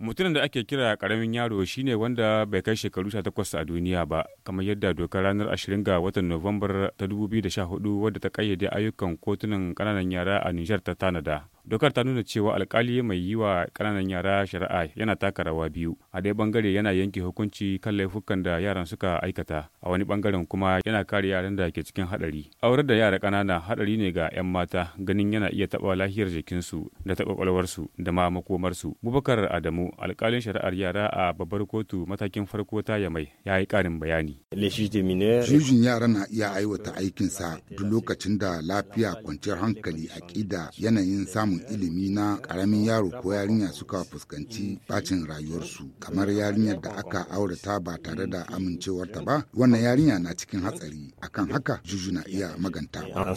mutumin da ake kira karamin yaro shine wanda bai kai shekaru 18 a duniya ba kamar yadda dokar ranar 20 ga watan nuwambar ta 2014 wadda ta kayyade ayyukan kotunan kananan yara a nijar ta tanada dokar ta nuna cewa alkali mai yi wa kananan yara shari'a yana taka rawa biyu a ɗaya bangare yana yanke hukunci kan laifukan da yaran suka aikata a wani bangaren kuma yana kare yaran da ke cikin haɗari aurar da yara ƙanana haɗari ne ga 'yan mata ganin yana iya taɓa lahiyar jikinsu da taɓa ƙwaƙwalwarsu da ma makomarsu bubakar adamu alkalin shari'ar yara a babbar kotu matakin farko ta yamai ya yi ƙarin bayani jujin yara na iya aiwata aikinsa duk lokacin da lafiya kwanciyar hankali aƙida yanayin samun samun ilimi na karamin yaro ko yarinya suka fuskanci bacin rayuwarsu kamar yarinyar da aka aurata ba tare da amincewarta ba wannan yarinya na cikin hatsari akan haka juju na iya magantawa.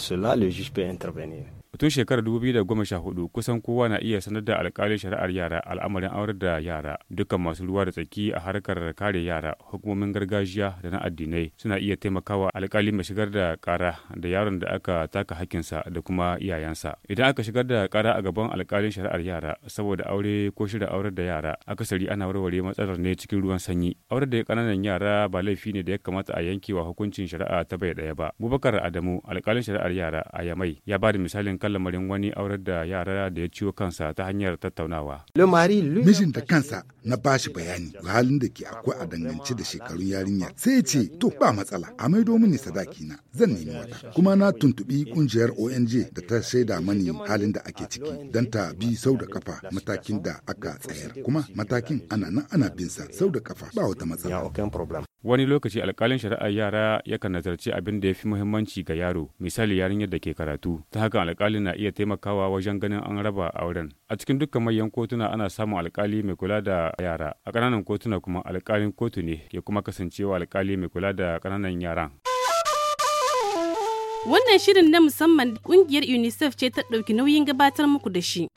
tun shekarar 2014 kusan kowa na iya sanar da alkalin shari'ar yara al'amarin aurar da yara dukkan masu ruwa da tsaki a harkar kare yara hukumomin gargajiya da na addinai suna iya taimakawa alkali mai shigar da kara da yaron da aka taka hakinsa da kuma iyayensa idan aka shigar da kara a gaban alkalin shari'ar yara saboda aure ko shirya aurar da yara akasari ana warware matsalar ne cikin ruwan sanyi aurar da kananan yara ba laifi ne da ya kamata a yankewa hukuncin shari'a ta bai daya ba bubakar adamu alkalin shari'ar yara a yamai ya ba misalin kan lamarin wani aurar da yara da ya ciwo kansa ta hanyar tattaunawa. Mijin da kansa na bashi bayani ga halin da ke akwai a dangance da shekarun yarinya sai ce to ba matsala a maido mini sadaki na zan nemi wata kuma na tuntubi kungiyar ONG da ta shaida mani halin da ake ciki dan ta bi sau da kafa matakin da aka tsayar kuma matakin ana nan ana bin sa sau da kafa ba wata matsala. Wani lokaci alkalin shari'ar yara yakan nazarci abin da ya fi muhimmanci ga yaro misali yarinyar da ke karatu ta haka alkalin alkali na iya taimakawa wajen ganin an raba auren a cikin dukkan manyan kotuna ana samun alkali mai kula da yara a kananan kotuna kuma alkalin kotu ne ke kuma kasancewa alkali mai kula da ƙananan yaran wannan shirin na musamman ƙungiyar unicef ce ta ɗauki nauyin gabatar muku da shi